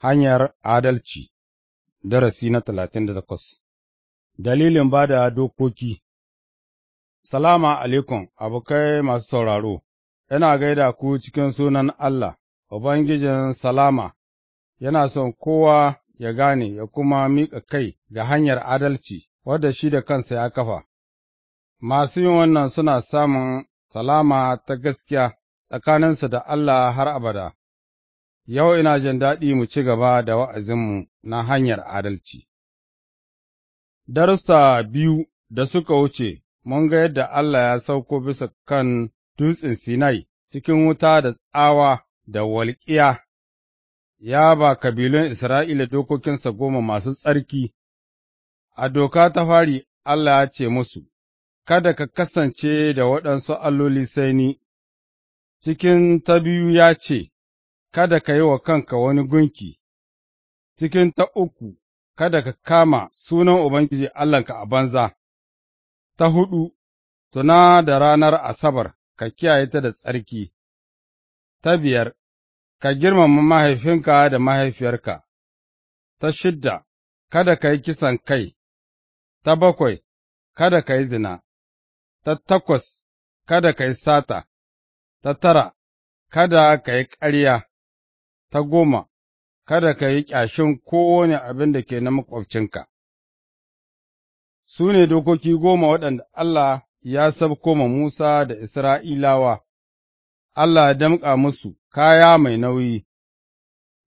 Hanyar Adalci Darasi na talatin da takwas Dalilin ba da dokoki Salama alaikum, abokai masu sauraro, yana gaida ku cikin sunan Allah, Ubangijin Salama, yana son kowa ya gane ya kuma miƙa kai ga hanyar adalci wadda shi da kansa ya kafa. Masu yin wannan suna samun salama ta gaskiya tsakaninsa da Allah har abada. Yau ina jin daɗi mu ci gaba da wa'azinmu na hanyar adalci. Darussa biyu da suka wuce, mun ga yadda Allah ya sauko bisa kan dutsen Sinai cikin wuta da tsawa da walƙiya, ya ba kabilun Isra'ila dokokinsa goma masu tsarki, a doka ta fari Allah ya ce musu, Kada ka kasance da waɗansu alloli sai ni, cikin ta biyu ya ce, kada ka yi wa kanka wani gunki, cikin ta uku, kada ka kama sunan Ubangiji Allahnka a banza, ta hudu, tuna da ranar Asabar ka kiyaye ta da tsarki, ta biyar, ka girmama mahaifinka da mahaifiyarka, ta shidda, kada ka yi kisan kai, ta bakwai, kada ka yi zina, ta takwas, kada ka yi sata, ta tara, kada ka yi ƙarya. Ta goma, kada ka yi ƙyashin kowane abin da ke na maƙwabcinka. Su ne dokoki goma waɗanda Allah ya sabko ma Musa da Isra'ilawa, Allah ya damƙa musu kaya mai nauyi,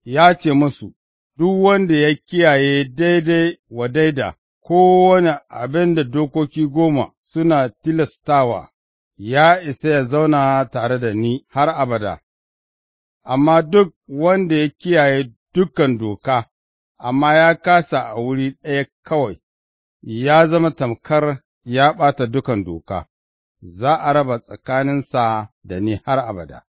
ya ce musu, Duk wanda ya kiyaye daidai wa daida kowane abin da dokoki goma suna tilastawa, ya isa ya zauna tare da ni har abada. amma duk wanda ya kiyaye dukan doka, amma ya kasa a wuri ɗaya kawai, ya zama tamkar ya ɓata dukan doka, za a raba tsakaninsa da ni har abada.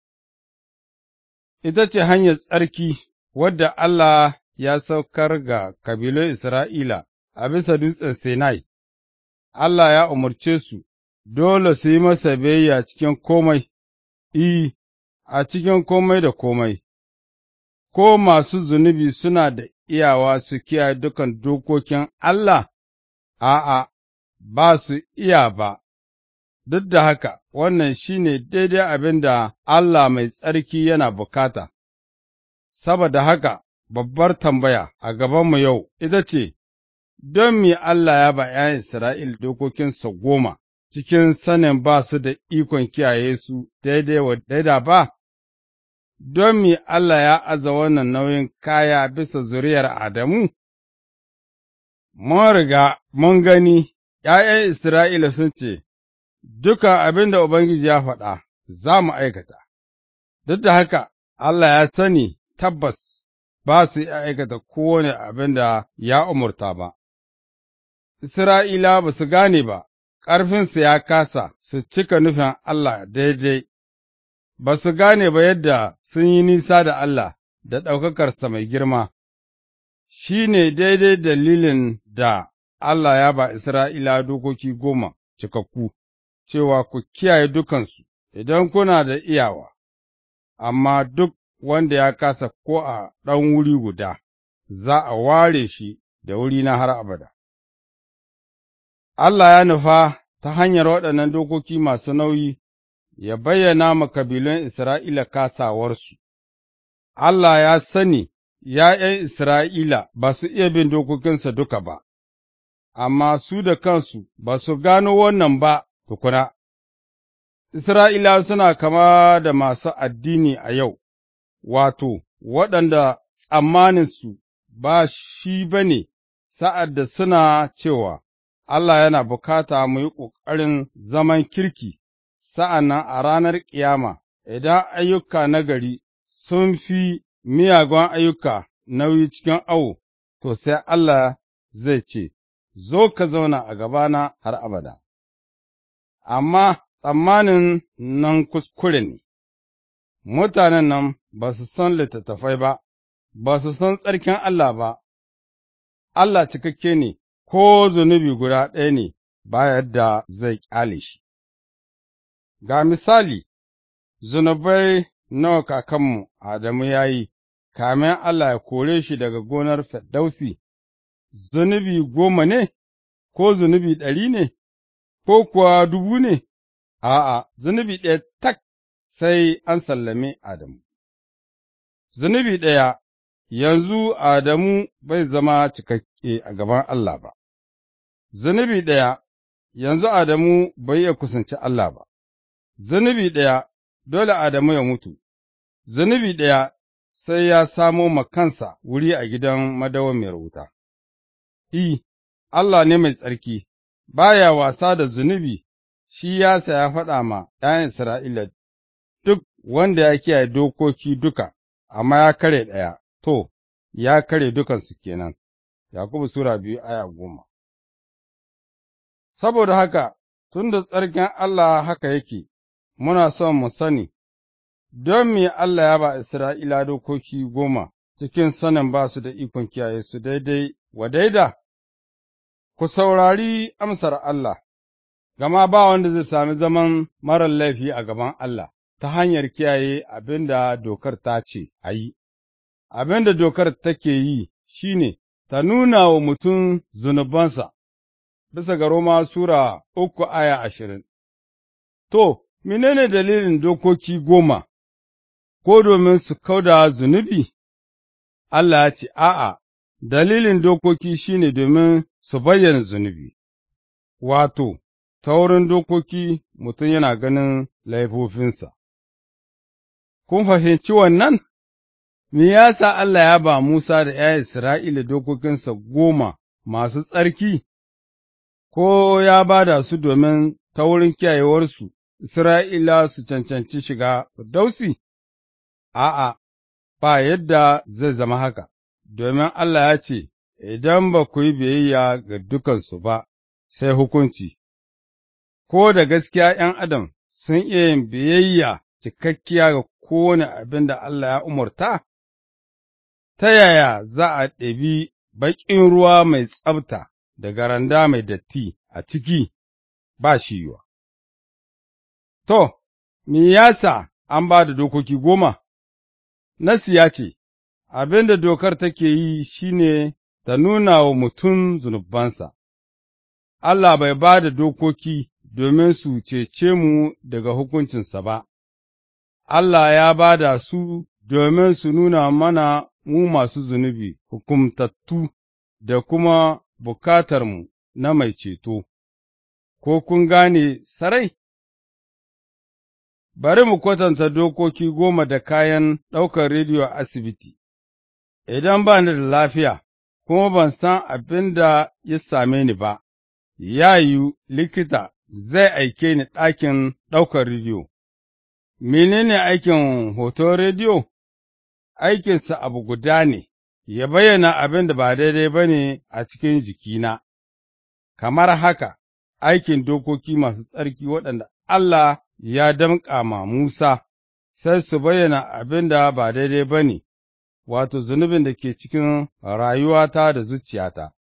Ita ce hanyar tsarki wadda Allah ya saukar ga kabilun Isra'ila a bisa dutsen Sinai, Allah ya umarce su, dole su yi masa biyayya cikin komai, I, a cikin komai da komai, ko masu zunubi suna da iyawa su kiyaye dukan dokokin Allah, a'a, ba su iya ba, duk da haka wannan shi ne daidai abin da Allah mai tsarki yana bukata, saboda haka babbar tambaya a gabanmu yau ita ce, Don me Allah ya ba 'ya'yan Isra'il dokokinsa goma cikin sanin ba su da ikon kiyaye su daidai wa daida ba? don me Allah ya aza wannan nauyin kaya bisa zuriyar Adamu? Mun riga mun gani, ’ya'yan Isra'ila sun ce, Dukan abin da Ubangiji ya faɗa, za mu aikata, duk da haka Allah ya sani tabbas ba su aikata kowane abin da ya umurta ba. Isra'ila ba su gane ba, ƙarfinsu ya kasa su cika nufin Allah daidai ba su gane ba yadda sun yi nisa da Allah da ɗaukakarsa mai girma, shi ne daidai dalilin da Allah ya ba Isra'ila dokoki goma cikakku, cewa ku kiyaye dukansu idan kuna da iyawa, amma duk wanda ya kasa ko a ɗan wuri guda, za a ware shi da wuri na har abada. Allah ya nufa ta hanyar waɗannan dokoki masu nauyi ya bayyana ma kabilun Isra'ila kasawarsu, Allah ya sani ’ya'yan Isra'ila ba su iya bin dokokinsa duka ba, amma su da kansu ba su gano wannan ba tukuna. Isra'ila suna kama da masu addini a yau, wato, waɗanda tsammaninsu ba shi ba ne sa'ad da suna cewa, Allah yana bukata mu yi ƙoƙarin zaman kirki sa'an nan a ranar ƙiyama, idan ayyuka nagari sun fi miyagun ayyuka nauyi cikin awo, to sai Allah zai ce, Zo ka zauna a gabana har abada. Amma tsammanin nan kuskure ne, mutanen nan ba su san littattafai ba, ba su san tsarkin Allah ba, Allah cikakke ne, ko zunubi guda ɗaya ne ba yadda zai ƙyale shi. Ga misali, zunubai nawa kakanmu Adamu ya yi, kamin Allah ya kore shi daga gonar Firdausi, zunubi goma ne, ko zunubi ɗari ne, ko kuwa dubu ne, a'a, zunubi ɗaya tak sai an sallame Adamu. Zunubi ɗaya, yanzu Adamu bai zama cikakke a gaban Allah ba, zunubi ɗaya, yanzu Adamu bai iya kusanci Allah ba. zunubi ɗaya dole Adamu ya mutu, zunubi ɗaya sai ya samo ma kansa wuri a gidan madawamiyar wuta. I, Allah ne mai tsarki, baya wasa da zunubi, shi ya saya faɗa ma ’yan Isra'ila duk wanda ya kiyaye dokoki duka, amma ya kare ɗaya, to, ya kare dukansu kenan. Yakubu Sura biyu aya goma Saboda haka, tun da tsarkin Allah haka yake, muna son mu sani, don me Allah ya ba Isra'ila dokoki goma cikin sanin ba su da ikon kiyaye su daidai wa daida? Ku saurari amsar Allah, gama ba wanda zai sami zaman marar laifi a gaban Allah ta hanyar kiyaye abin da dokar ta ce a yi, abin da dokar take yi shi ne ta nuna wa mutum zunubansa, bisa ga Roma Sura uku aya ashirin. To, menene dalilin dokoki goma, ko domin su kauda zunubi? Allah ya ce, A'a, dalilin dokoki shi ne domin su bayyana zunubi, wato, ta wurin dokoki mutum yana ganin laifofinsa. Kun fahimci wannan? Me ya sa Allah ya ba Musa da ya Isra'ila dokokinsa goma masu tsarki, ko ya ba da su domin ta wurin kiyayewarsu Isra'ila su cancanci shiga Firdausi? A'a, ba yadda zai zama haka, domin Allah ya ce, Idan ba ku yi biyayya ga dukansu ba, sai hukunci, ko da gaskiya ’yan adam sun iya yin biyayya cikakkiya ga kowane abin da Allah ya umarta? Ta yaya za a ɗabi baƙin ruwa mai tsabta da garanda mai datti a ciki ba shi yiwa. To, me yasa an ba da dokoki goma? Nasi ya ce, Abin da dokar take yi shi ne ta nuna wa mutum zunubansa, Allah bai ba da dokoki domin su cece mu daga hukuncinsa ba, Allah ya ba da su domin su nuna mana mu masu zunubi hukumtattu da kuma bukatarmu na mai ceto, ko kun gane sarai? bari mu kwatanta dokoki goma da kayan ɗaukar rediyo a asibiti, idan ba ni da lafiya, kuma ban san abin da ya same ni ba, ya yi likita zai aike ni ɗakin ɗaukar rediyo. Menene aikin hoton rediyo? Aikinsa abu guda ne, ya bayyana abin da ba daidai ba ne a cikin jikina, kamar haka aikin dokoki masu tsarki waɗanda Allah ya damƙa ma Musa, sai su bayyana abin da ba daidai ba ne, wato zunubin da ke cikin rayuwata da zuciyata.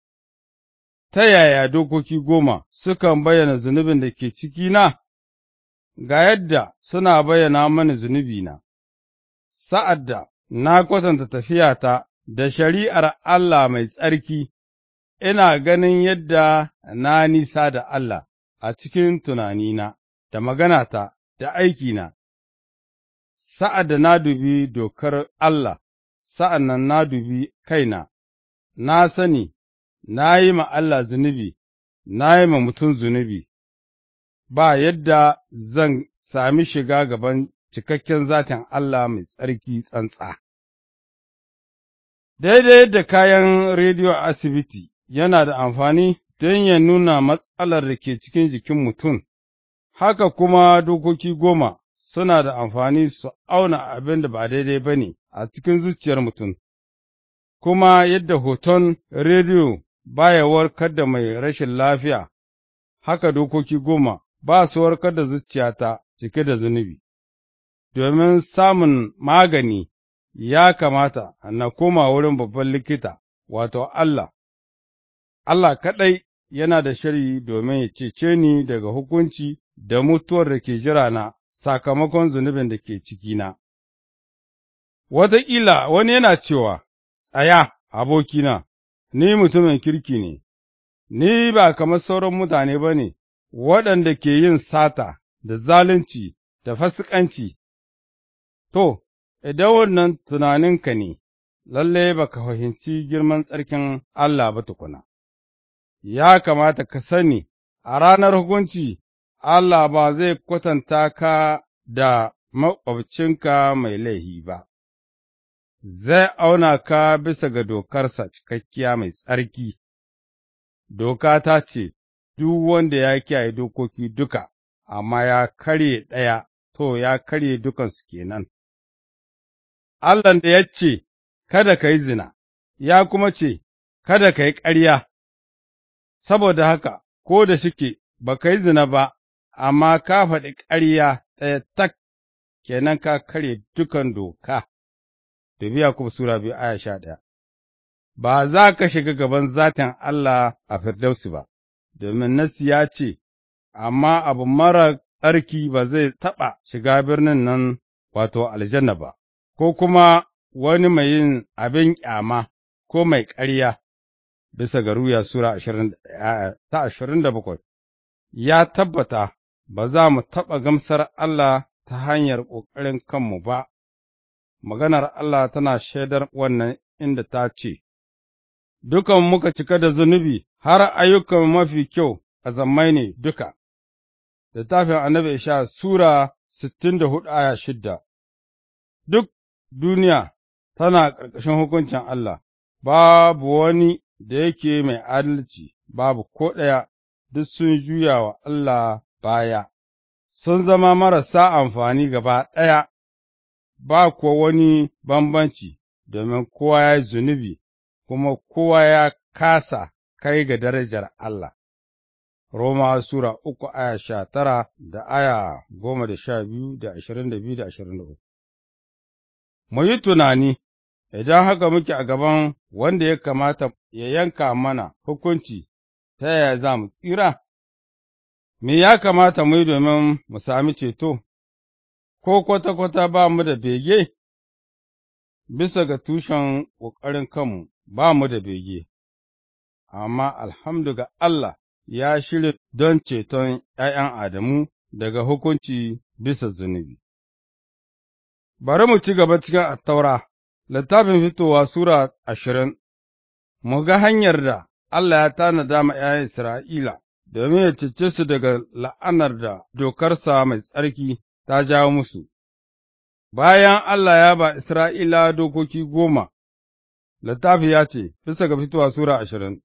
Ta yaya dokoki goma sukan bayyana zunubin da ke ciki na? Ga yadda suna bayyana mani zunubina, sa'ad da na kwatanta tafiyata da shari'ar Allah mai tsarki, ina ganin yadda na nisa da Allah a cikin tunanina. da maganata da aikina, sa'ad da na dubi dokar Allah, sa'an nan na dubi kaina, na sani, na yi ma Allah zunubi, na yi ma mutum zunubi, ba yadda zan sami shiga gaban cikakken zatin Allah mai tsarki tsantsa. Daidai yadda kayan rediyo a asibiti yana da amfani don ya nuna matsalar da ke cikin jikin mutum. haka kuma dokoki goma suna da amfani su auna abin da ba daidai ba ne a cikin zuciyar mutum, kuma yadda hoton rediyo baya warkar da mai rashin lafiya, haka dokoki goma ba su warkar da zuciyata cike da zunubi, domin samun magani ya kamata na koma wurin babban likita, wato Allah. Allah kaɗai yana da shari domin ya cece ni daga hukunci da mutuwar da ke jira na sakamakon zunubin da ke ciki na. Wataƙila wani yana cewa, Tsaya, abokina, ni mutumin kirki ne, ni ba kamar sauran mutane ba ne, waɗanda ke yin sata da zalunci da fasikanci. To, idan wannan tunaninka ne, lalle ba ka fahimci girman tsarkin Allah ba tukuna, ya kamata ka sani a ranar hukunci Allah ba zai kwatanta ka da maƙwabcinka mai laihi ba, zai auna ka bisa ga dokarsa cikakkiya mai tsarki, doka ta ce, Duk wanda ya kiyaye dokoki duka, amma ya karye ɗaya, to, ya karye dukansu kenan. allah da ya ce, Kada ka yi zina, ya kuma ce, Kada ka yi ƙarya, saboda haka, ko da shike, ba ka yi zina ba, amma ka faɗi ƙarya ɗaya tak, kenan ka karye dukan doka. Dubi kuma Sura biyu aya sha ɗaya. Ba za ka shiga gaban zatin Allah a Firdausi ba, domin Nasi ya ce, Amma abu mara tsarki ba zai taɓa shiga birnin nan wato aljanna ba, ko kuma wani mai yin abin ƙyama ko mai ƙarya, bisa ga Ruya Sura ta ashirin da bakwai, ya tabbata ba za mu taɓa gamsar Allah ta hanyar ƙoƙarin kanmu ba, maganar Allah tana shaidar wannan inda ta ce, Dukan muka cika da zunubi har ayyukan mafi kyau a zammai ne duka, littafin annabi sha Sura sittin da hudu aya shidda, duk duniya tana ƙarƙashin hukuncin Allah, babu wani da yake mai adalci, babu ko ɗaya, duk sun juya wa Allah baya, sun zama marasa amfani gaba ɗaya, ba kuwa wani bambanci domin kowa ya yi zunubi kuma kowa ya kasa kai ga darajar Allah. Roma Sura uku aya sha tara da aya goma da sha biyu da ashirin da biyu da ashirin da uku. Mu yi tunani, idan haka muke a gaban wanda ya kamata ya yanka mana hukunci ta yaya za mu tsira? Me ya kamata mu yi domin mu sami ceto, ko kwata-kwata ba mu da bege? Bisa ga tushen ƙoƙarin kanmu ba mu da bege, amma alhamdu ga Allah ya shirya don ceton ’ya'yan Adamu daga hukunci bisa zunubi. Bari mu ci gaba cikin attaura, littafin fitowa Sura ashirin, mu ga hanyar da Allah ya tanada ma ’ya'yan Isra'ila. domin ya cece su daga la'anar da dokarsa mai tsarki ta jawo musu. Bayan Allah ya ba Isra'ila dokoki goma, littafi ya ce, bisa ga fitowa Sura ashirin,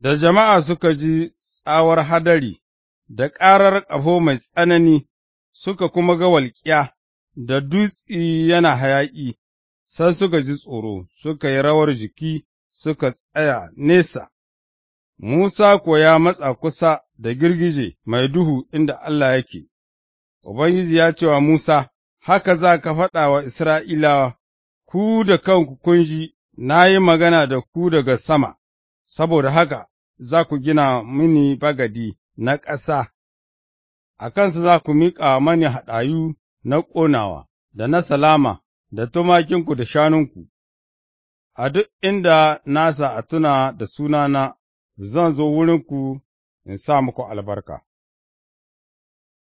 da jama'a suka ji tsawar hadari da ƙarar ƙafo mai tsanani suka kuma ga walƙiya da dutsi yana hayaƙi, sai suka ji tsoro, suka yi rawar jiki, suka tsaya nesa. Musa kuwa ya matsa kusa da girgije mai duhu inda Allah yake, Ubangiji ya ce wa Musa, Haka za ka faɗa wa Isra'ilawa, ku da kanku kun ji, na yi magana da ku daga sama, saboda haka za ku gina mini bagadi na ƙasa, a kansa za ku miƙa mani haɗayu na ƙonawa, da na salama, da tumakinku da shanunku, a duk inda nasa a tuna da sunana zan zo wurinku in sa muku albarka.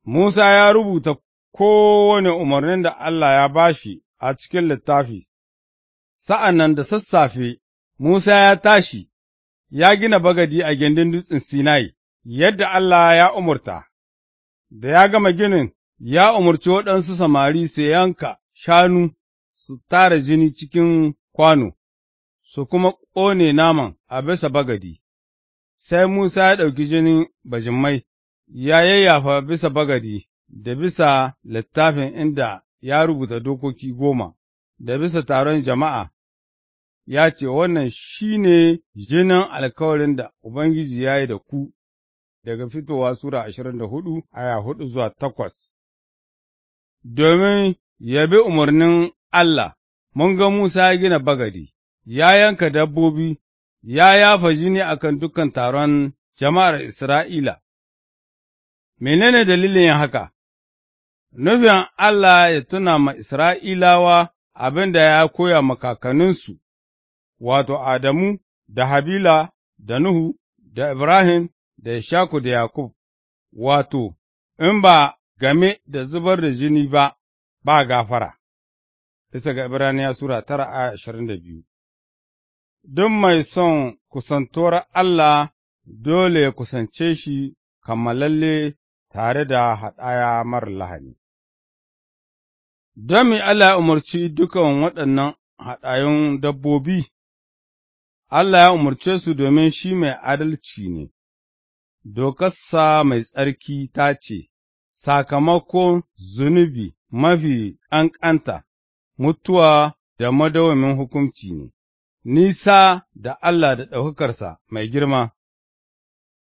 Musa ya rubuta kowane umarnin da Allah ya bashi a cikin littafi, sa'an nan da sassafe Musa ya tashi, ya gina bagadi a gindin dutsen Sinai, yadda Allah ya umurta, da ya gama ginin, ya umarci waɗansu samari su yanka shanu su tara jini cikin kwano, su kuma ƙone naman a bisa bagadi. sai Musa ya ɗauki jinin bajimmai, ya yayyafa bisa bagadi da bisa littafin inda ya rubuta dokoki goma, da bisa taron jama'a, ya ce, Wannan shi ne jinin alkawarin da Ubangiji ya yi da ku, daga fitowa Sura ashirin da hudu aya hudu zuwa takwas. Domin ya bi umarnin Allah, mun ga Musa ya gina bagadi, ya yanka dabbobi ya yafa jini a kan dukan taron jama'ar Isra'ila. Menene dalilin yin haka? Nufin Allah ya tuna ma Isra'ilawa abin da ya koya makakaninsu, wato Adamu da Habila da Nuhu da Ibrahim da Ishaku da Yakub, wato, in ba game da zubar da jini ba, ba gafara, bisa ga Ibraniya Sura tara a ashirin da biyu. duk mai son kusantuwar Allah dole ya kusance shi kammalalle tare da haɗaya mara lahani. Don me Allah ya umarci dukan waɗannan haɗayun dabbobi, Allah ya umarce su domin shi mai adalci ne, dokarsa mai tsarki ta ce, Sakamakon zunubi mafi ƙanƙanta, mutuwa da madawamin hukunci ne. nisa da Allah da ɗaukakarsa mai girma,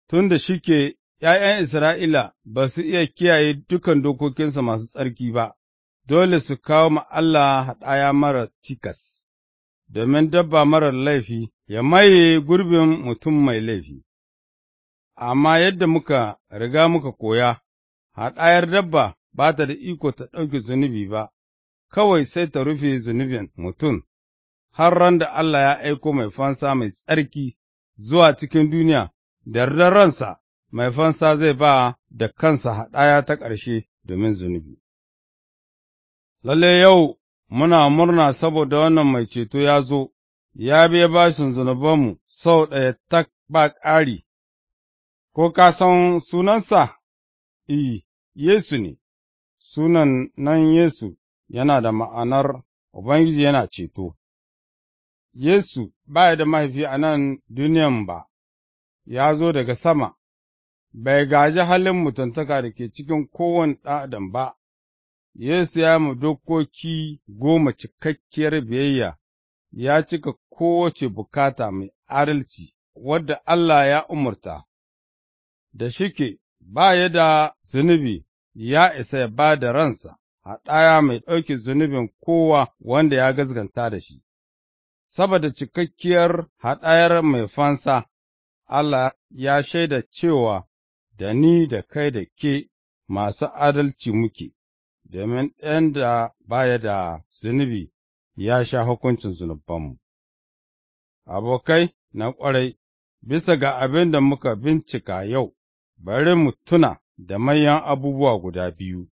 tun da shi ke ’ya'yan Isra'ila ba su iya kiyaye dukan dokokinsa masu tsarki ba, dole su kawo ma Allah haɗaya mara cikas, domin dabba marar laifi ya maye gurbin mutum mai laifi. Amma yadda muka riga muka koya, haɗayar dabba ba ta da iko ta ɗauke zunubi ba, kawai sai ta rufe zunubin mutum. har ran da Allah ya aiko mai fansa mai tsarki zuwa cikin duniya, da ransa mai fansa zai ba da kansa haɗaya ta ƙarshe domin zunubi. Lalle yau muna murna saboda wannan mai ceto ya zo, ya biya bashin zunubanmu sau ɗaya ta ba ƙari, ko ka san sunansa? I, Yesu ne, sunan nan Yesu yana da ma'anar Ubangiji yana ceto. Yesu ba da mahaifi a nan duniyan ba, ya zo daga sama, bai gaji halin mutuntaka da ke cikin kowane ɗan ba, Yesu ya mu dokoki goma cikakkiyar biyayya, ya cika kowace bukata mai adalci wadda Allah ya umarta, da shike ba ya da zunubi ya isa ya ba da ransa, a ɗaya mai ɗauke zunubin kowa wanda ya gazganta da shi. saboda cikakkiyar haɗayar mai fansa, Allah ya shaida cewa da ni da kai da ke masu adalci muke, domin ɗan da baya da zunubi ya sha hukuncin zunubanmu. Abokai na ƙwarai, bisa ga abin da muka bincika yau, bari mu tuna da manyan abubuwa guda biyu.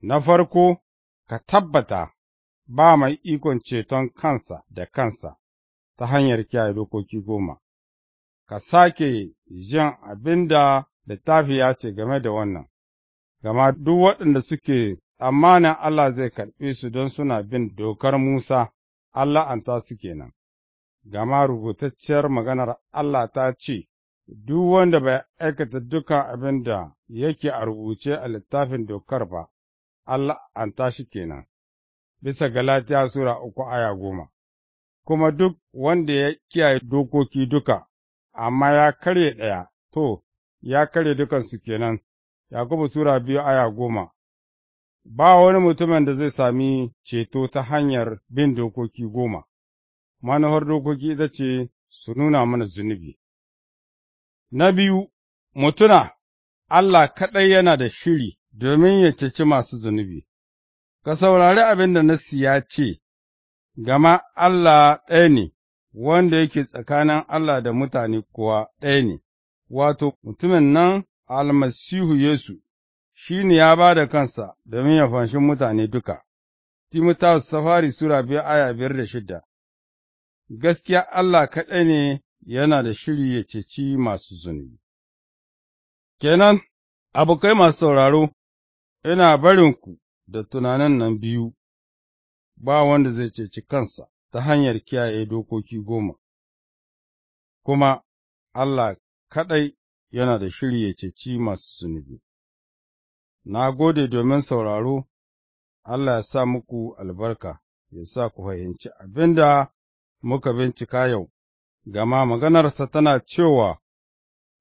Na farko, ka tabbata ba mai ikon ceton kansa da kansa ta hanyar kiyaye dokoki goma, ka sake jin abin da littafi ya ce game da wannan, gama duk waɗanda suke tsammanin Allah zai karɓe su don suna bin dokar Musa, Allah an ta su nan. gama rubutacciyar maganar Allah ta ce, Duk wanda bai aikata dukan abin da yake a rubuce a littafin dokar ba, Allah an tashi kenan. bisa Galatiya Sura uku aya goma, kuma duk wanda ya kiyaye dokoki duka, amma ya karye ɗaya, to, ya karye dukansu kenan, ya Yakubu Sura biyu aya goma, ba wani mutumin da zai sami ceto ta hanyar bin dokoki goma, manufar dokoki ita ce su nuna mana zunubi. Na biyu, mutuna, Allah kaɗai yana da shiri domin ya ceci masu zunubi. ka saurari abin da Nassi ya ce, gama Allah ɗaya ne, wanda yake tsakanin Allah da mutane kuwa ɗaya ne, wato, mutumin nan almasihu Yesu, shi ne ya ba da kansa domin ya fanshi mutane duka. Timotaus Safari Sura biyu, aya biyar da shida Gaskiya Allah kaɗai ne yana da shiri ya ceci masu zunubi. Kenan, abokai masu sauraro, ina barinku da tunanan nan biyu, ba wanda zai ceci kansa ta hanyar kiyaye dokoki goma, kuma Allah kaɗai yana da shiri ya ceci masu zunubi. Na gode domin sauraro, Allah ya sa muku albarka, ya sa ku fahimci abin da muka bincika yau, gama maganarsa tana cewa,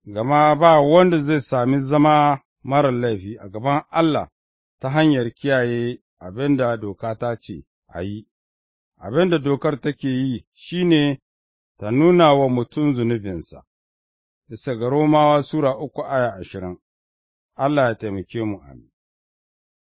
Gama ba wanda zai sami zama marar laifi a gaban Allah ta hanyar kiyaye abin da doka ta ce a yi, abin da dokar take yi shi ne ta nuna wa mutum zunubinsa, isa ga Romawa Sura uku aya ashirin, Allah ya taimake mu amin.